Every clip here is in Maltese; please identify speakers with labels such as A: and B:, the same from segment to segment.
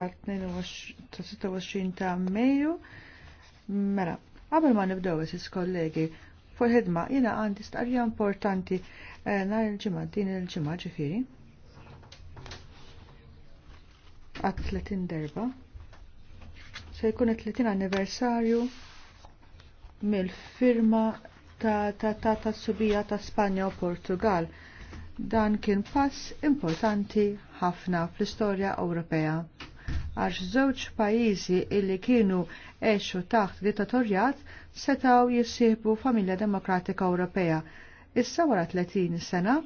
A: 26 ta' Mejju. Mela, qabel ma nibdew is kollegi, fuq ħidma jiena għandi starja importanti eh, nhar il-ġimgħa din il-ġimgħa ġifieri. Għad 30 derba. Se jkun 30 anniversarju mill-firma ta' ta' ta' ta' subija ta' Spanja u Portugal. Dan kien pass importanti ħafna fl-istorja Ewropea għax żewġ pajjiżi illi kienu eċu taħt dittatorjat setaw jissieħbu familja demokratika Ewropea. Issa wara 30 sena,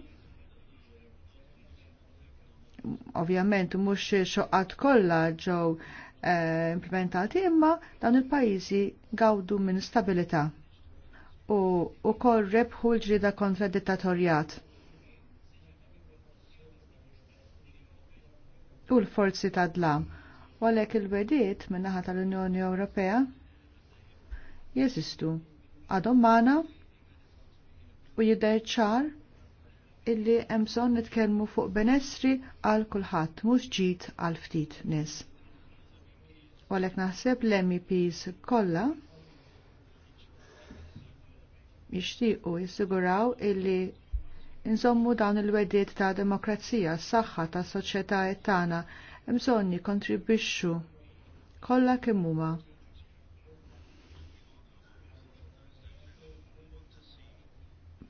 A: ovvjament mhux xoqqat kollha ġew eh, implementati imma dawn il-pajjiżi gawdu minn stabilità u wkoll rebħu l-ġrida kontra dittatorjat. u l-forzi ta' dlam U għalhekk il-bediet min-naħa tal-Unjoni Ewropea jeżistu għadhom mana u jidher ċar illi hemm bżonn nitkellmu fuq benessri għal kulħadd mhux ġid għal ftit nies. U għalhekk naħseb l-MEPs kollha jixtiequ jissiguraw illi Nżommu dawn il-wediet ta' demokrazija, s-saxħa ta' soċjetà tagħna bżonn jikkontribwixxu kollha kemm huma.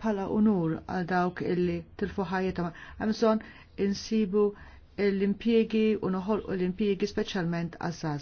A: Bħala unur għal dawk illi tilfu ħajjithom. Hemm bżonn insibu l-impjiegi u noħolqu l-impjiegi speċjalment għaż